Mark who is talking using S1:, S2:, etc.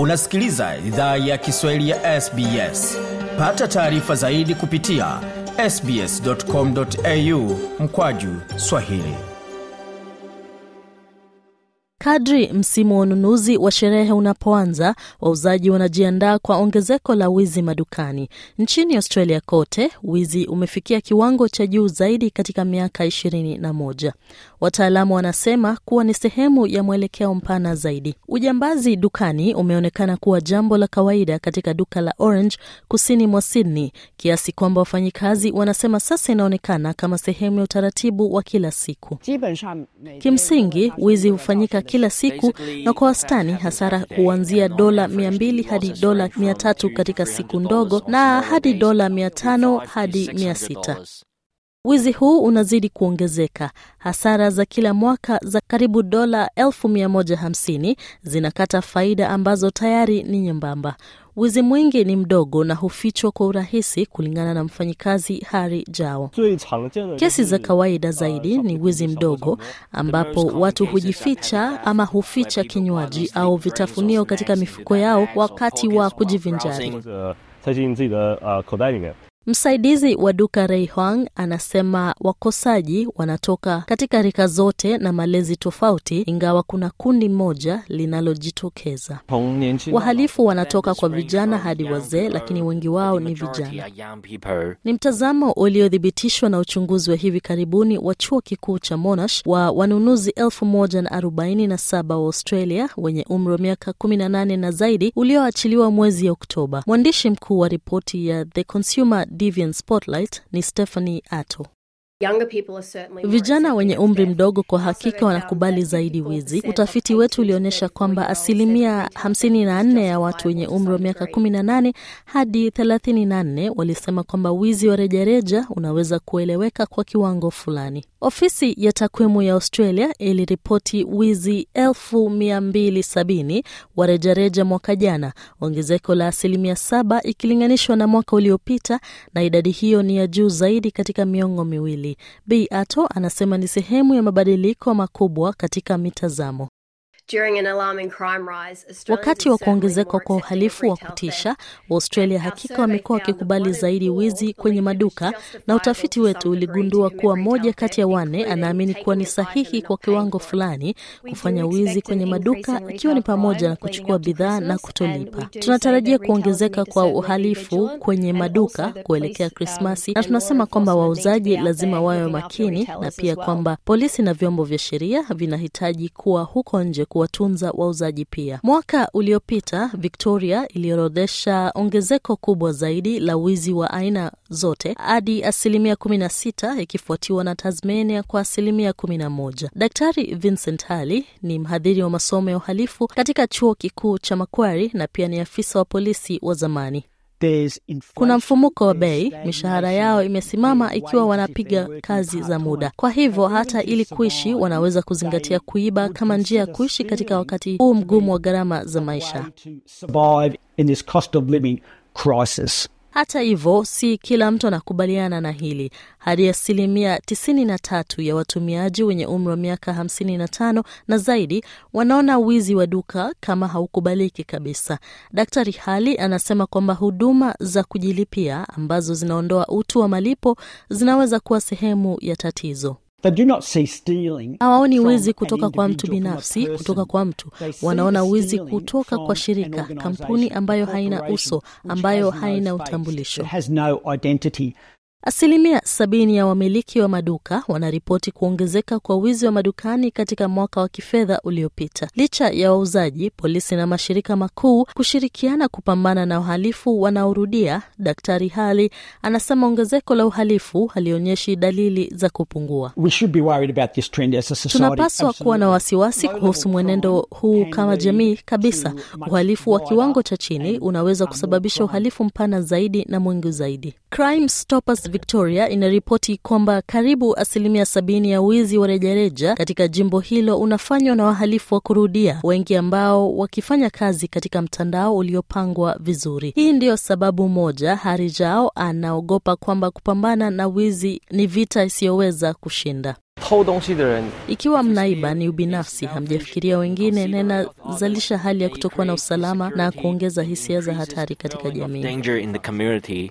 S1: unasikiliza idhaa ya kiswahili ya sbs pata taarifa zaidi kupitia sbscomau mkwaju swahili Kadri msimu wa ununuzi wa sherehe unapoanza, wauzaji wanajiandaa kwa ongezeko la wizi madukani. Nchini Australia kote, wizi umefikia kiwango cha juu zaidi katika miaka ishirini na moja. Wataalamu wanasema kuwa ni sehemu ya mwelekeo mpana zaidi. Ujambazi dukani umeonekana kuwa jambo la kawaida katika duka la Orange kusini mwa Sydney, kiasi kwamba wafanyikazi wanasema sasa inaonekana kama sehemu ya utaratibu wa kila siku. Kimsingi, wizi hufanyika kila siku na kwa wastani hasara huanzia dola mbili hadi dola tatu katika siku ndogo na hadi dola tano hadi sita. Wizi huu unazidi kuongezeka. Hasara za kila mwaka za karibu dola elfu mia moja hamsini zinakata faida ambazo tayari ni nyembamba. Wizi mwingi ni mdogo na hufichwa kwa urahisi, kulingana na mfanyikazi Hari Jao. Kesi za kawaida zaidi ni wizi mdogo, ambapo watu hujificha ama huficha kinywaji au vitafunio katika mifuko yao wakati wa kujivinjari. Msaidizi wa duka rei Hwang anasema wakosaji wanatoka katika rika zote na malezi tofauti, ingawa kuna kundi moja linalojitokeza. Wahalifu wanatoka kwa vijana hadi wazee, lakini wengi wao ni vijana. Ni mtazamo uliothibitishwa na uchunguzi wa hivi karibuni wa chuo kikuu cha Monash wa wanunuzi 1047 wa Australia wenye umri wa miaka 18 na zaidi ulioachiliwa mwezi Oktoba. Mwandishi mkuu wa ripoti ya The Consumer Divian Spotlight ni Stephanie Ato. Vijana wenye umri mdogo kwa hakika wanakubali zaidi wizi. Utafiti wetu ulionyesha kwamba asilimia 54 ya watu wenye umri wa miaka 18 hadi 34 walisema kwamba wizi wa rejareja unaweza kueleweka kwa kiwango fulani. Ofisi ya takwimu ya Australia iliripoti wizi 270 wa rejareja mwaka jana, ongezeko la asilimia 7 ikilinganishwa na mwaka uliopita, na idadi hiyo ni ya juu zaidi katika miongo miwili. Bi Ato anasema ni sehemu ya mabadiliko makubwa katika mitazamo Wakati wa kuongezeka kwa uhalifu wa kutisha, Waustralia hakika wamekuwa wakikubali zaidi wizi kwenye maduka, na utafiti wetu uligundua kuwa moja kati ya wanne anaamini kuwa ni sahihi kwa kiwango fulani kufanya wizi kwenye maduka, ikiwa ni pamoja na kuchukua bidhaa na kutolipa. Tunatarajia kuongezeka kwa uhalifu kwenye maduka kuelekea Krismasi, um, na tunasema kwamba wauzaji lazima wawe makini, na pia kwamba polisi na vyombo vya sheria vinahitaji kuwa huko nje kuwa kuwatunza wauzaji pia. Mwaka uliopita Victoria iliorodhesha ongezeko kubwa zaidi la wizi wa aina zote hadi asilimia kumi na sita ikifuatiwa na Tasmania kwa asilimia kumi na moja. Daktari Vincent Hali ni mhadhiri wa masomo ya uhalifu katika chuo kikuu cha makwari na pia ni afisa wa polisi wa zamani. Kuna mfumuko wa bei, mishahara yao imesimama ikiwa wanapiga kazi za muda. Kwa hivyo hata ili kuishi, wanaweza kuzingatia kuiba kama njia ya kuishi katika wakati huu mgumu wa gharama za maisha. Hata hivyo, si kila mtu anakubaliana na hili. Hadi asilimia 93 ya watumiaji wenye umri wa miaka 55 na zaidi wanaona wizi wa duka kama haukubaliki kabisa. Daktari Hali anasema kwamba huduma za kujilipia ambazo zinaondoa utu wa malipo zinaweza kuwa sehemu ya tatizo. Hawaoni wizi kutoka kwa mtu binafsi, kutoka kwa mtu. Wanaona wizi kutoka kwa shirika, kampuni ambayo haina uso, ambayo haina utambulisho. Asilimia sabini ya wamiliki wa maduka wanaripoti kuongezeka kwa wizi wa madukani katika mwaka wa kifedha uliopita, licha ya wauzaji, polisi na mashirika makuu kushirikiana kupambana na uhalifu wanaorudia. Daktari Hali anasema ongezeko la uhalifu halionyeshi dalili za kupungua. Tunapaswa kuwa na wasiwasi kuhusu mwenendo huu kama jamii kabisa. Uhalifu wa kiwango cha chini unaweza kusababisha uhalifu mpana zaidi na mwingi zaidi. Crime Stoppers Victoria inaripoti kwamba karibu asilimia sabini ya wizi wa rejareja katika jimbo hilo unafanywa na wahalifu wa kurudia, wengi ambao wakifanya kazi katika mtandao uliopangwa vizuri. Hii ndiyo sababu moja Harijao anaogopa kwamba kupambana na wizi ni vita isiyoweza kushinda. Ikiwa mnaiba ni ubinafsi, hamjafikiria wengine, na inazalisha hali ya kutokuwa na usalama na kuongeza hisia za hatari katika jamii.